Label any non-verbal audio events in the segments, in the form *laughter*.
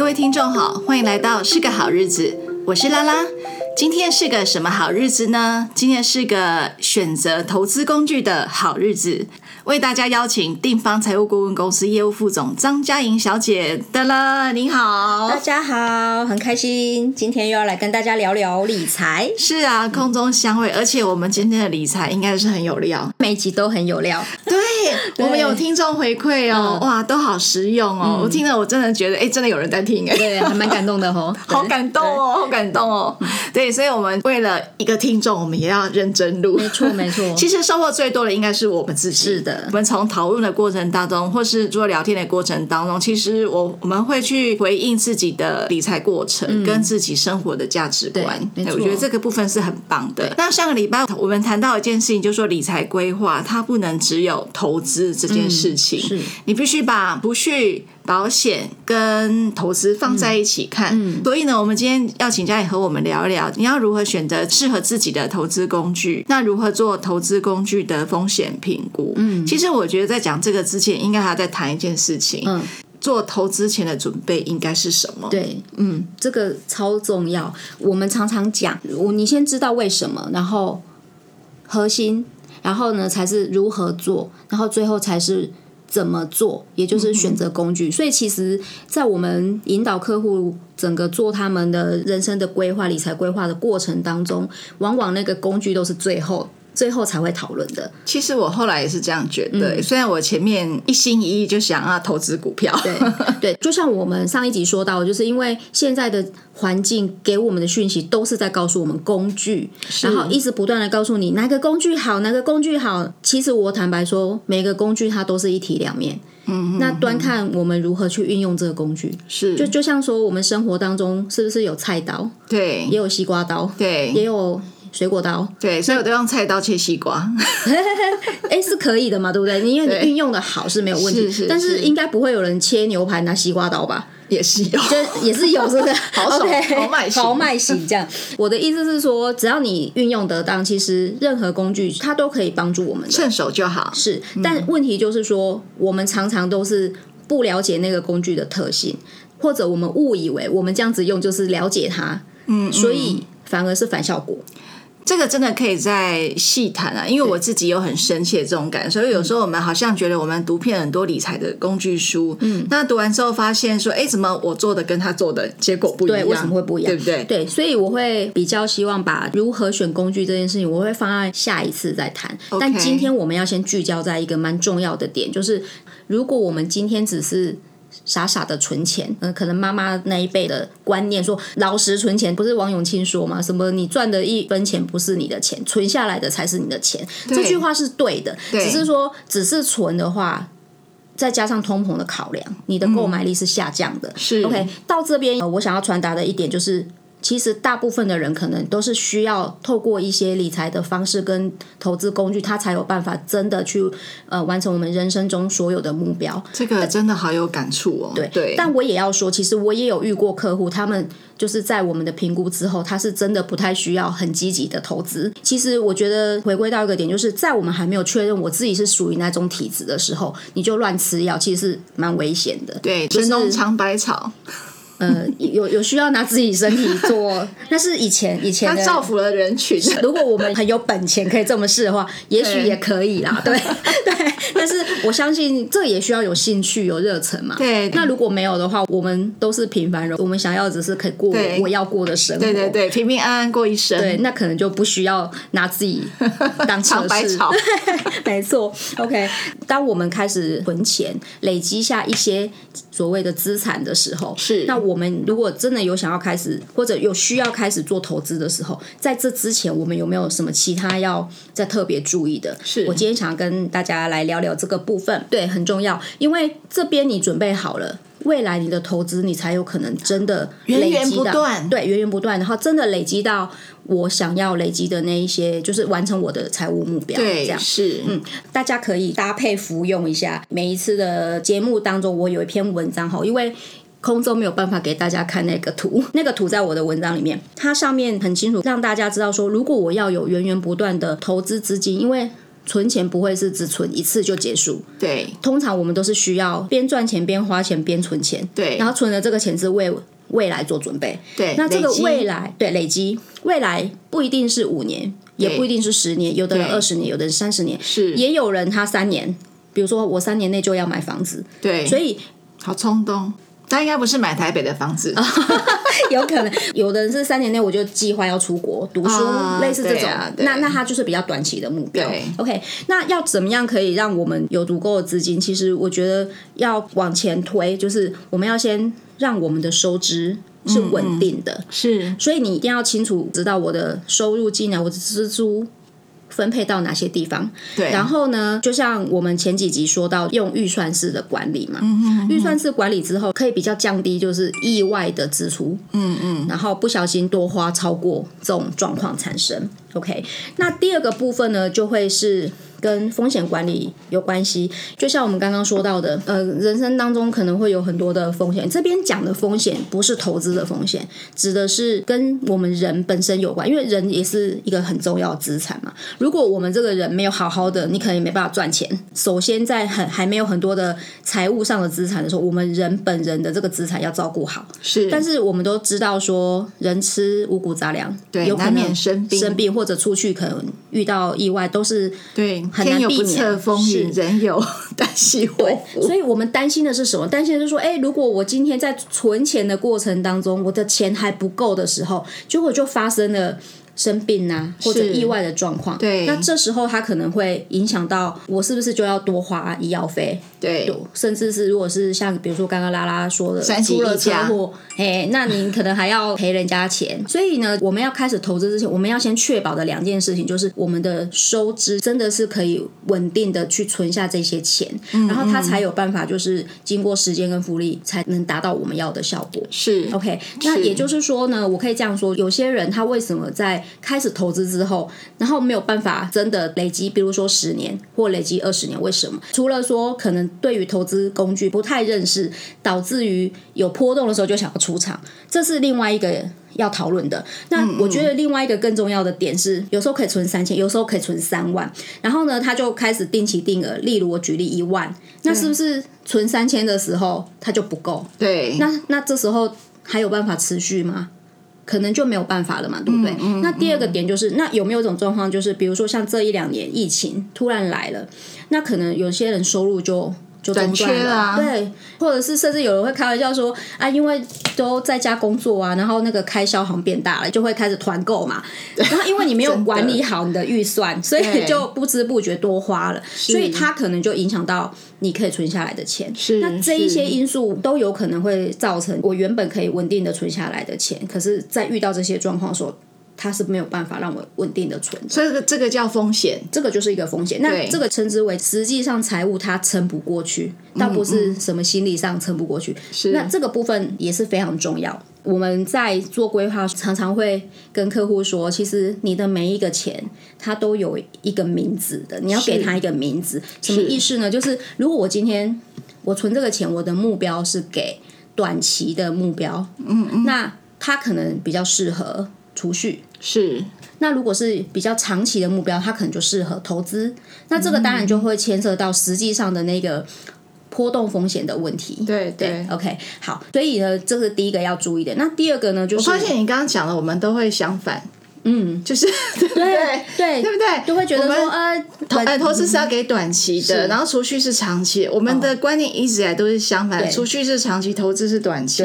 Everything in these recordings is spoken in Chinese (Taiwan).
各位聽眾好，歡迎來到是個好日子，我是拉拉。今天是個什麼好日子呢？今天是個選擇投資工具的好日子，為大家邀請定方財務顧問公司業務副總張佳瑩小姐。噠啦，您好，大家好，很開心，今天又要來跟大家聊聊理財。是啊，空中香味，而且我們今天的理財應該是很有料，每集都很有料。對。 *laughs* 欸、對，我們有聽眾回饋哦、喔嗯，哇，都好實用哦、喔嗯！我聽了我真的覺得，哎、欸，真的有人在聽、欸，對，還蠻感動的吼、喔，好感動哦、喔，好感動哦、喔，對，所以我們為了一個聽眾，我們也要認真錄，沒錯沒錯。其實收穫最多的應該是我們自己，是、嗯、的，我們從討論的過程當中，或是做聊天的過程當中，其實我我們會去回應自己的理財過程、嗯、跟自己生活的價值觀，對，對，我覺得這個部分是很棒的。那上個禮拜我們談到一件事情，就是說理財規劃它不能只有投。投資這件事情，嗯、是你必須把不續保險跟投資放在一起看。嗯嗯、所以呢，我們今天要請佳瑩和我們聊一聊，你要如何選擇適合自己的投資工具？那如何做投資工具的風險評估？嗯，其實我覺得在講這個之前，應該還要再談一件事情：嗯、做投資前的準備應該是什麼？對，嗯，這個超重要。我們常常講，我你先知道為什麼，然後核心。然後呢，才是如何做，然後最後才是怎麼做，也就是選擇工具。嗯、所以，其實，在我們引導客戶整個做他們的人生的規劃、理財規劃的過程當中，往往那個工具都是最後。最後才會討論的。其實我後來也是這樣覺得，嗯、雖然我前面一心一意就想要投資股票，對，對，就像我們上一集說到，就是因為現在的環境給我們的訊息都是在告訴我們工具，是，然後一直不斷的告訴你哪個工具好，哪個工具好。其實我坦白說，每個工具它都是一體兩面，嗯，嗯，嗯，那端看我們如何去運用這個工具，是就就像說我們生活當中是不是有菜刀，對，也有西瓜刀，對，也有。水果刀，對，所以我都用菜刀切西瓜。哎、 *laughs* 欸，是可以的嘛，對不對？因為你運用的好是沒有問題。是是是，但是應該不會有人切牛排拿西瓜刀吧？也是，是，是，就也是有， *laughs* 是不是？好 okay, 豪豪邁豪邁型這樣。我的意思是說，只要你運用得當，其實任何工具它都可以幫助我們，趁手就好。是、嗯，但問題就是說，我們常常都是不了解那個工具的特性，或者我們誤以為我們這樣子用就是了解它。所以反而是反效果。這個真的可以再細談啊，因為我自己有很深切的這種感，所以有時候我們好像覺得我們讀遍很多理財的工具書，嗯，那讀完之後發現說，哎，怎麼我做的跟他做的結果不一樣？對，為什麼會不一樣？對不對？對，所以我會比較希望把如何選工具這件事情，我會放在下一次再談。Okay. 但今天我們要先聚焦在一個蠻重要的點，就是如果我們今天只是。傻傻的存錢，嗯、呃，可能媽媽那一輩的觀念說老實存錢，不是王永慶說嗎？什麼你賺的一分錢不是你的錢，存下來的才是你的錢，對，這句話是對的，對。只是說，只是存的話，再加上通膨的考量，你的購買力是下降的。嗯、是。OK，到這邊、呃、我想要傳達的一點就是。其實大部分的人可能都是需要透過一些理財的方式跟投資工具，他才有辦法真的去呃完成我們人生中所有的目標。這個真的好有感觸哦，對。對對。但我也要說，其實我也有遇過客戶，他們就是在我們的評估之後，他是真的不太需要很積極的投資。其實我覺得回歸到一個點，就是在我們還沒有確認我自己是屬於哪種體質的時候，你就亂吃藥，其實是蠻危險的。對，神農嘗百草。 *laughs* 呃，有有需要拿自己身體做，但是以前以前他造福了人群。 *laughs* 如果我們很有本錢可以這麼試的話，也許也可以啦。對 *laughs* 對，對 *laughs* 但是我相信這也需要有興趣、有熱忱嘛對。對，那如果沒有的話，我們都是平凡人，我們想要只是可以過我要過的生活對。對對對，平平安安過一生。對，那可能就不需要拿自己當嘗試 *laughs* 白草。 *laughs* 對，沒錯，OK。當我們開始存錢，累積下一些所謂的資產的時候，是那我。我們如果真的有想要開始，或者有需要開始做投資的時候，在這之前，我們有沒有什麼其他要再特別注意的？是，我今天想要跟大家來聊聊這個部分，對，很重要，因為這邊你準備好了，未來你的投資你才有可能真的源源不斷，對，源源不斷，然後真的累積到我想要累積的那一些，就是完成我的財務目標，對，這樣是，嗯，大家可以搭配服用一下。每一次的節目當中，我有一篇文章哈，因為。空中沒有辦法給大家看那個圖，那個圖在我的文章裡面，它上面很清楚，讓大家知道說，如果我要有源源不斷的投資資金，因為存錢不會是只存一次就結束。對，通常我們都是需要邊賺錢邊花錢邊存錢。對，然後存了這個錢是為未來做準備。對，那這個未來，對，累積，對，累積未來不一定是五年，也不一定是十年，有的人二十年，有的人三十年，是，也有人他三年，比如說我三年內就要買房子。對，所以好衝動。他應該不是買台北的房子， *laughs* 有可能有的人是三年內我就計劃要出國讀書，類似這種、嗯啊。那那他就是比較短期的目標。OK，那要怎麼樣可以讓我們有足夠的資金？其實我覺得要往前推，就是我們要先讓我們的收支是穩定的，嗯嗯，是。所以你一定要清楚知道我的收入進來，我的支出。分配到哪些地方？對，然後呢，就像我們前幾集說到用預算式的管理嘛，嗯哼嗯哼，預算式管理之後可以比較降低就是意外的支出，嗯嗯，然後不小心多花超過這種狀況產生。OK，那第二個部分呢，就會是。跟風險管理有關係，就像我們剛剛說到的，呃，人生當中可能會有很多的風險。這邊講的風險不是投資的風險，指的是跟我們人本身有關，因為人也是一個很重要的資產嘛。如果我們這個人沒有好好的，你可能也沒辦法賺錢。首先，在很還沒有很多的財務上的資產的時候，我們人本人的這個資產要照顧好。是，但是我們都知道說，人吃五穀雜糧，對，有可能生病，生病或者出去可能遇到意外，都是對。天有不測風雲，人有旦夕禍福。所以，我們擔心的是什麼？擔心的是說，哎，如果我今天在存錢的過程當中，我的錢還不夠的時候，結果就發生了。生病啊，或者意外的狀況，那這時候他可能會影響到我，是不是就要多花醫藥費？對，對，甚至是如果是像比如說剛剛拉拉說的出了車禍，哎，那您可能還要賠人家錢。 *laughs* 所以呢，我們要開始投資之前，我們要先確保的兩件事情，就是我們的收支真的是可以穩定的去存下這些錢，嗯嗯，然後他才有辦法，就是經過時間跟複利，才能達到我們要的效果。是 OK，那也就是說呢是，我可以這樣說，有些人他為什麼在開始投資之後，然後沒有辦法真的累積，比如說十年或累積二十年，為什麼？除了說可能對於投資工具不太認識，導致於有波動的時候就想要出場，這是另外一個要討論的。那我覺得另外一個更重要的點是，有時候可以存三千，有時候可以存三萬，然後呢他就開始定期定額，例如我舉例一萬，那是不是存三千的時候它就不夠？對，那那這時候還有辦法持續嗎？可能就沒有辦法了嘛，嗯、對不對，嗯？那第二個點就是，嗯、那有沒有一種狀況，就是比如說像這一兩年疫情突然來了，那可能有些人收入就。短缺了、啊，對，或者是甚至有人會開玩笑說啊，因為都在家工作啊，然後那個開銷好像變大了，就會開始團購嘛，然後因為你沒有管理好你的預算， *laughs* 所以就不知不覺多花了，所以它可能就影響到你可以存下來的錢是，那這一些因素都有可能會造成我原本可以穩定的存下來的錢，可是，在遇到這些狀況的時候。它是沒有辦法讓我穩定的存在，所以這個這個叫風險，這個就是一個風險。那這個稱之為實際上財務它撐不過去、嗯嗯，倒不是什麼心理上撐不過去。那這個部分也是非常重要。我們在做規劃，常常會跟客戶說，其實你的每一個錢，它都有一個名字的，你要給它一個名字。什麼意思呢？就是如果我今天我存這個錢，我的目標是給短期的目標，嗯，嗯，那它可能比較適合。儲蓄是，那如果是比較長期的目標，它可能就適合投資。那這個當然就會牽涉到實際上的那個波動風險的問題。嗯、對對，OK，好。所以呢，這是第一個要注意的。那第二個呢，就是我發現你剛剛講的，我們都會相反，嗯，就是對對對，對，對不對？就會覺得說，呃、啊，投呃、嗯、投資是要給短期的，然後儲蓄是長期。我們的觀念一直以來都是相反，儲蓄是長期，投資是短期。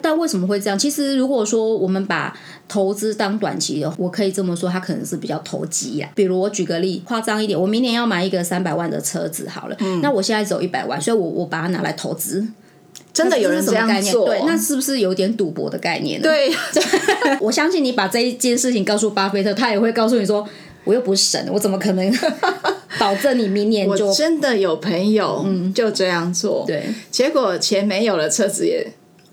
但為什麼會這樣？其實如果說我們把投資當短期的，我可以這麼說，它可能是比較投機呀、啊。比如我舉個例，誇張一點，我明年要買一個三百萬的車子，好了，嗯，那我現在只有一百萬，所以我我把它拿來投資。是是真的有人這樣做，對，那是不是有點賭博的概念呢？對， *laughs* 我相信你把這一件事情告訴巴菲特，他也會告訴你說，我又不是神，我怎麼可能保證你明年就？我真的有朋友、嗯、就這樣做，對，結果錢沒有了，車子也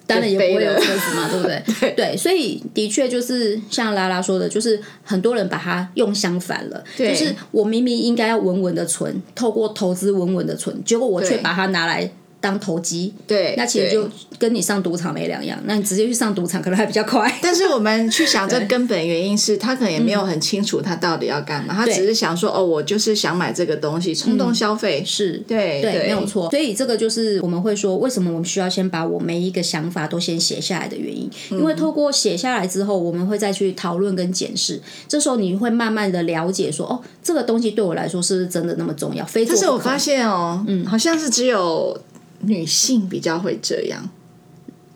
當然也不會有車子嘛，對不對？ *laughs* 對，所以的確就是像拉拉說的，就是很多人把它用相反了，對，就是我明明應該要穩穩的存，透過投資穩穩的存，結果我卻把它拿來。當投機，對，那其實就跟你上賭場沒兩樣。那你直接去上賭場可能還比較快。 *laughs* 但是我們去想，這根本原因是他可能也沒有很清楚他到底要幹嘛，他只是想說哦，我就是想買這個東西，衝動消費、嗯、是對對，對，沒有錯。所以這個就是我們會說，為什麼我們需要先把我每一個想法都先寫下來的原因，嗯、因為透過寫下來之後，我們會再去討論跟檢視。這時候你會慢慢的了解說，哦，這個東西對我來說是不是真的那麼重要？非做不可。但是我發現哦，嗯，好像是只有。女性比較會這樣，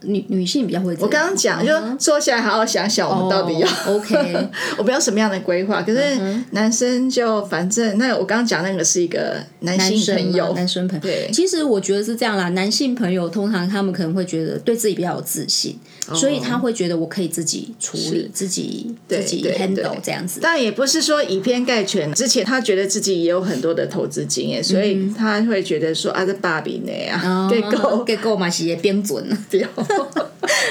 女女性比較會這樣。我剛剛講，uh -huh. 就坐下來好好想想，我們到底要、oh, OK， *laughs* 我不要什麼樣的規劃？可是男生就反正，那我剛剛講那個是一個男性朋友，男生，男生朋友對。其實我覺得是這樣啦，男性朋友通常他們可能會覺得對自己比較有自信。所以他會覺得我可以自己處理自己自己 handle 這樣子，但也不是說以偏概全。之前他覺得自己也有很多的投資經驗，嗯嗯，所以他會覺得說啊，這爸比呢？啊，get go get go 嘛是變準。 *laughs* 對。 *laughs*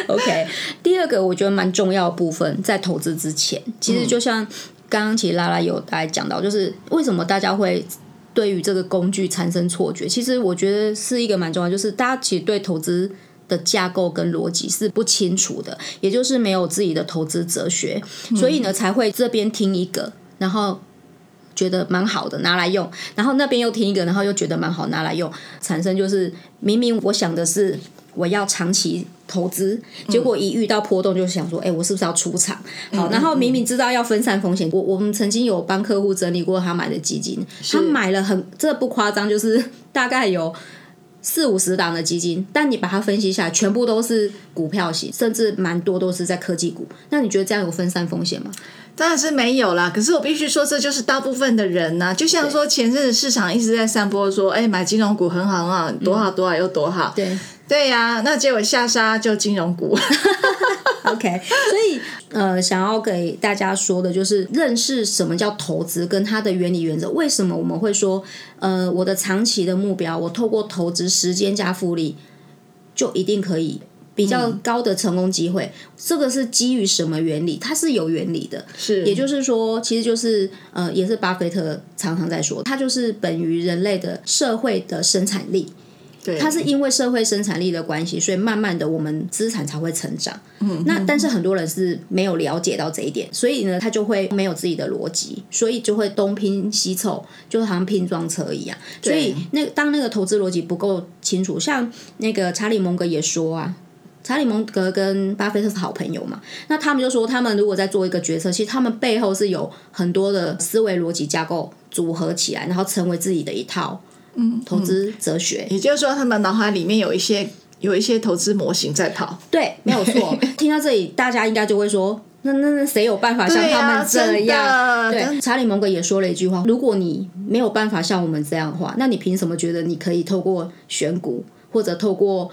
OK，第二個我覺得蠻重要的部分，在投資之前，其實就像剛剛其實拉拉有來講到，就是為什麼大家會對於這個工具產生錯覺？其實我覺得是一個蠻重要，就是大家其實對投資。的架構跟邏輯是不清楚的，也就是沒有自己的投資哲學、嗯，所以呢才會這邊聽一個，然後覺得蠻好的拿來用，然後那邊又聽一個，然後又覺得蠻好拿來用，產生，就是明明我想的是我要長期投資，結果一遇到波動就想說，哎、嗯欸，我是不是要出場？好、嗯嗯嗯哦，然後明明知道要分散風險，我我們曾經有幫客戶整理過他買的基金，他買了很這不誇張，就是大概有。四五十檔的基金，但你把它分析下來，全部都是股票型，甚至蠻多都是在科技股。那你覺得這樣有分散風險嗎？當然是沒有啦。可是我必須說，這就是大部分的人吶、啊。就像說前陣子市場一直在散播說，哎，買金融股很好啊很好，多好多好又多好。嗯、對對呀、啊，那結果下殺就金融股。 *laughs* *laughs* OK，所以呃，想要給大家說的，就是認識什麼叫投資跟它的原理原則。為什麼我們會說，呃，我的長期的目標，我透過投資時間加複利，就一定可以比較高的成功機會，嗯。這個是基於什麼原理？它是有原理的，是，也就是說，其實就是呃，也是巴菲特常常在說，它就是本於人類的社會的生產力。對，它是因為社會生產力的關係，所以慢慢的我們資產才會成長。嗯哼哼，那但是很多人是沒有了解到這一點，所以呢，他就會沒有自己的邏輯，所以就會東拼西湊，就好像拼裝車一樣。所以那當那個投資邏輯不夠清楚，像那個查理蒙格也說啊，查理蒙格跟巴菲特是好朋友嘛，那他們就說，他們如果在做一個決策，其實他們背後是有很多的思維邏輯架構組合起來，然後成為自己的一套。嗯，投資哲學。嗯，也就是說，他們腦海裡面有一些有一些投資模型在跑。對，沒有錯。 *laughs* 聽到這裡，大家應該就會說：那那那誰有辦法像他們這樣？對，啊，對，查理·芒格也說了一句話：如果你沒有辦法像我們這樣的話，那你憑什麼覺得你可以透過選股或者透過，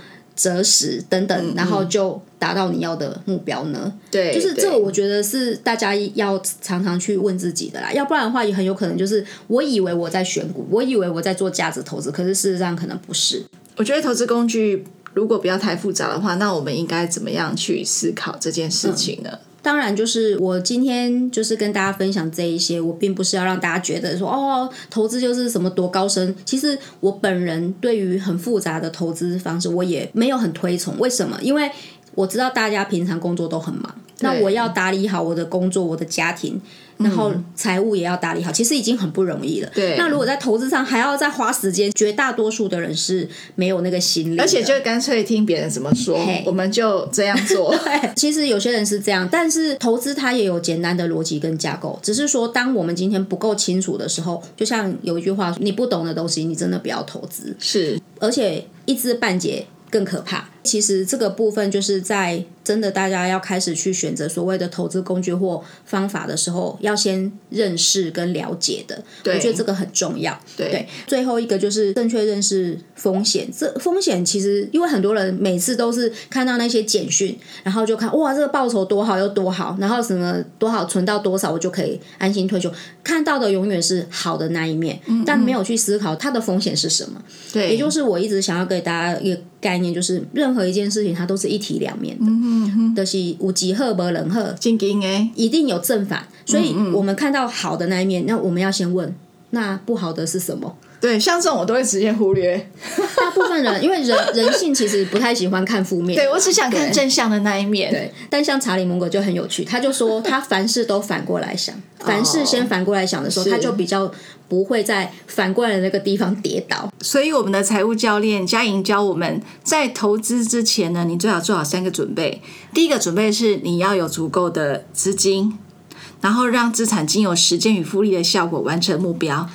擇時等等，然後就達到你要的目標呢？對、嗯，就是這個，我覺得是大家要常常去問自己的啦。要不然的話，也很有可能就是我以為我在選股，我以為我在做價值投資，可是事實上可能不是。我覺得投資工具如果不要太複雜的話，那我們應該怎麼樣去思考這件事情呢？嗯當然，就是我今天就是跟大家分享這一些，我並不是要讓大家覺得說，哦，投資就是什麼多高深。其實我本人對於很複雜的投資方式，我也沒有很推崇。為什麼？因為我知道大家平常工作都很忙，那我要打理好我的工作，我的家庭。然後財務也要打理好，其實已經很不容易了。對，那如果在投資上還要再花時間，絕大多數的人是沒有那個心理，而且就乾脆聽別人怎麼說，Okay. 我們就這樣做 *laughs* 對。其實有些人是這樣，但是投資它也有簡單的邏輯跟架構，只是說當我們今天不夠清楚的時候，就像有一句話，你不懂的東西，你真的不要投資。是，而且一知半解。更可怕。其實這個部分就是在真的大家要開始去選擇所謂的投資工具或方法的時候，要先認識跟了解的。對我覺得這個很重要對。對，最後一個就是正確認識風險。這風險其實因為很多人每次都是看到那些簡訊，然後就看哇，這個報酬多好又多好，然後什麼多好存，到多少我就可以安心退休。看到的永遠是好的那一面，嗯嗯，但沒有去思考它的風險是什麼。對，也就是我一直想要給大家一。概念就是，任何一件事情它都是一體兩面的，但、嗯嗯就是五吉赫博人赫，正經的一定有正反，所以我們看到好的那一面，嗯嗯那我們要先問。那不好的是什麼？對，像這種我都會直接忽略。大 *laughs* 部分人因為人人性其實不太喜歡看負面，對，我只想看正向的那一面。對，對但像查理·芒格就很有趣，他就說他凡事都反過來想， *laughs* 凡事先反過來想的時候，oh, 他就比較不會在反過來的那個地方跌倒。所以我們的財務教練佳瑩教我們在投資之前呢，你最好做好三個準備。第一個準備是你要有足夠的資金，然後讓資產經由時間與複利的效果完成目標。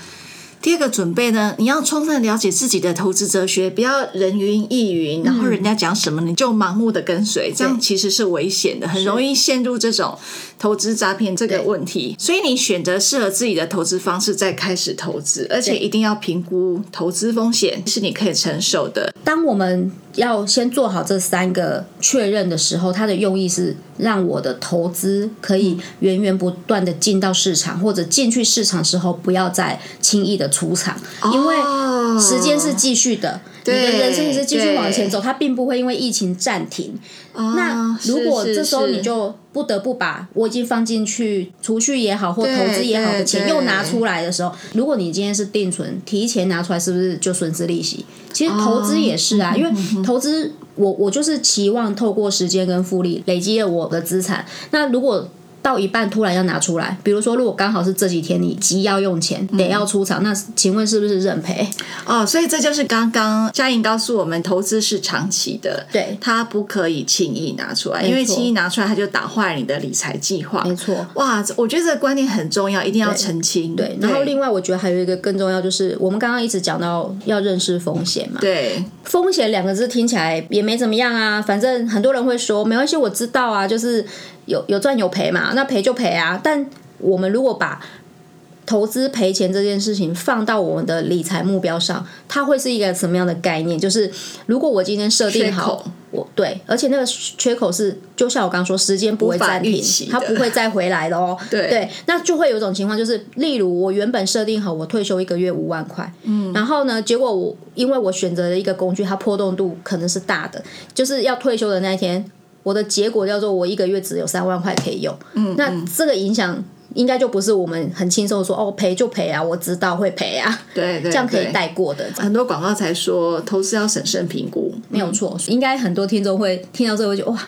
第二個準備呢，你要充分了解自己的投資哲學，不要人云亦云，嗯、然後人家講什麼你就盲目的跟隨，這樣其實是危險的，很容易陷入這種投資詐騙這個問題。所以你選擇適合自己的投資方式，再開始投資，而且一定要評估投資風險是你可以承受的。當我們要先做好這三個確認的時候，它的用意是。讓我的投資可以源源不斷的進到市場，嗯、或者進去市場的時候，不要再輕易的出場，哦、因為時間是繼續的，你的人生是繼續往前走，它並不會因為疫情暫停。哦、那如果是是是這時候你就不得不把我已經放進去，儲蓄也好或投資也好的錢又拿出來的時候，對對對，如果你今天是定存，提前拿出來是不是就損失利息？其實投資也是啊，哦、因為投資，嗯。嗯我我就是期望透過時間跟複利累積了我的資產。那如果到一半突然要拿出來，比如說，如果剛好是這幾天你急要用錢，嗯，得要出場，那請問是不是認賠？哦，所以這就是剛剛佳瑩告訴我們，投資是長期的，對，它不可以輕易拿出來，因為輕易拿出來，它就打壞你的理財計劃。沒錯，哇，我覺得這個觀念很重要，一定要澄清。對，對然後另外我覺得還有一個更重要，就是我們剛剛一直講到要認識風險嘛。對，風險兩個字聽起來也沒怎麼樣啊，反正很多人會說沒關係，我知道啊，就是。有有賺有賠嘛？那賠就賠啊！但我們如果把投資賠錢這件事情放到我們的理財目標上，它會是一個什麼樣的概念？就是如果我今天設定好，我對，而且那個缺口是，就像我剛剛說，時間不會暫停，它不會再回來了哦。對，那就會有一種情況，就是例如我原本設定好，我退休一個月五萬塊，嗯，然後呢，結果我因為我選擇的一個工具，它波動度可能是大的，就是要退休的那一天。我的結果叫做我一個月只有三萬塊可以用，嗯，那這個影響應該就不是我們很輕鬆說、嗯、哦，賠就賠啊，我知道會賠啊，對，對對，這樣可以帶過的。對對對，很多廣告才說投資要審慎評估、嗯，沒有錯，應該很多聽眾會聽到最後就哇。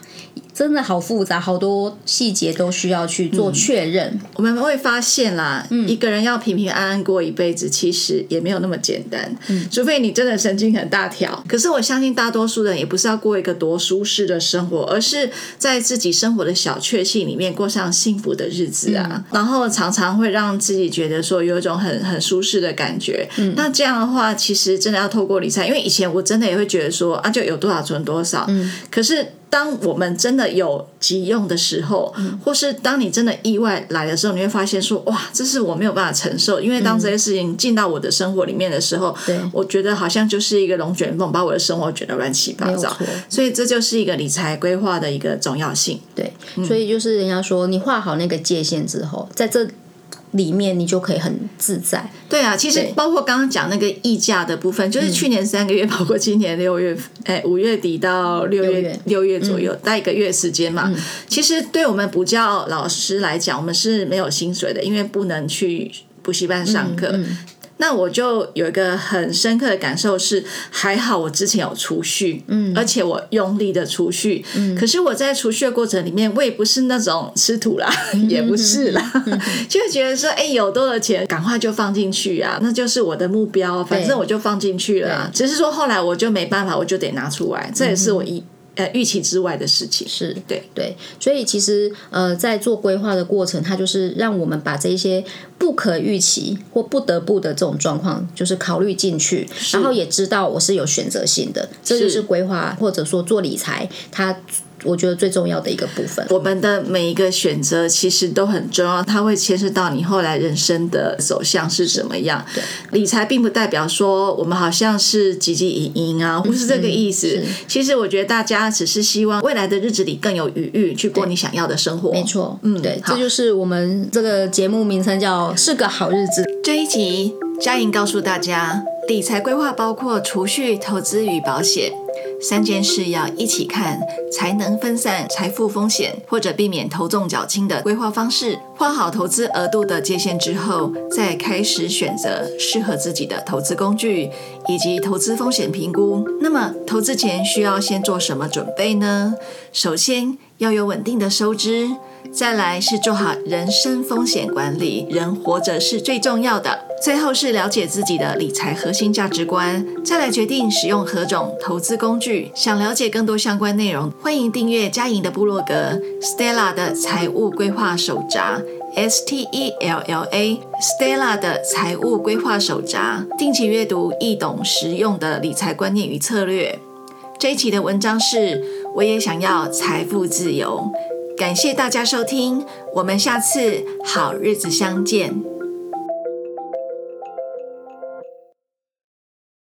真的好複雜，好多細節都需要去做確認、嗯。我們會發現啦、嗯，一個人要平平安安過一輩子，其實也沒有那麼簡單。嗯，除非你真的神經很大條。可是我相信，大多數人也不是要過一個多舒適的生活，而是在自己生活的小確幸裡面過上幸福的日子啊、嗯。然後常常會讓自己覺得說有一種很很舒適的感覺、嗯。那這樣的話，其實真的要透過理財。因為以前我真的也會覺得說啊，就有多少存多少。嗯，可是。當我們真的有急用的時候，或是當你真的意外來的時候，你會發現說：“哇，這是我沒有辦法承受。”因為當這些事情進到我的生活裡面的時候，對、嗯，我覺得好像就是一個龍捲風，我把我的生活捲得亂七八糟。所以這就是一個理財規劃的一個重要性。對、嗯，所以就是人家說，你畫好那個界限之後，在這。裡面你就可以很自在，對啊。其實包括剛剛講那個溢價的部分，就是去年三個月、嗯、包括今年六月，哎、五月底到六月、六月，六月左右，大概、嗯、一個月時間嘛。嗯、其實對我們補教老師來講，我們是沒有薪水的，因為不能去補習班上課。嗯嗯那我就有一個很深刻的感受是，還好我之前有儲蓄，嗯，而且我用力的儲蓄，嗯，可是我在儲蓄的過程裡面，我也不是那種吃土啦，嗯、也不是啦、嗯，就覺得說，哎、欸，有多少錢，趕快就放進去啊，那就是我的目標，反正我就放進去了，只是說後來我就沒辦法，我就得拿出來，這也是我一。嗯呃，預期之外的事情是對對，所以其實呃，在做規劃的過程，它就是讓我們把這些不可預期或不得不的這種狀況，就是考慮進去，然後也知道我是有選擇性的，這就是規劃，或者說做理財，它。我覺得最重要的一個部分，我們的每一個選擇其實都很重要，它會牽涉到你後來人生的走向是怎麼樣。對，理財並不代表說我們好像是汲汲營營啊，不、嗯、是這個意思。其實我覺得大家只是希望未來的日子裡更有餘裕去過你想要的生活。沒錯，嗯，對，這就是我們這個節目名稱叫《是個好日子》這一集，佳瑩告訴大家，理財規劃包括儲蓄、投資與保險。三件事要一起看，才能分散財富風險，或者避免頭重腳輕的規劃方式。畫好投資額度的界限之後，再開始選擇適合自己的投資工具以及投資風險評估。那麼，投資前需要先做什麼準備呢？首先要有穩定的收支，再來是做好人身風險管理。人活着是最重要的。最後是了解自己的理財核心價值觀，再來決定使用何種投資工具。想了解更多相關內容，歡迎訂閱佳瑩的部落格 Stella 的財務規劃手札 S T E L L A Stella 的財務規劃手札，定期閱讀易懂實用的理財觀念與策略。這一期的文章是我也想要財富自由。感謝大家收聽，我們下次好日子相見。